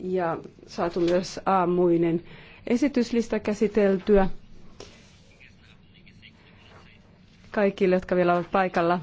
ja saatu myös aamuinen esityslista käsiteltyä. Kaikille, jotka vielä ovat paikalla,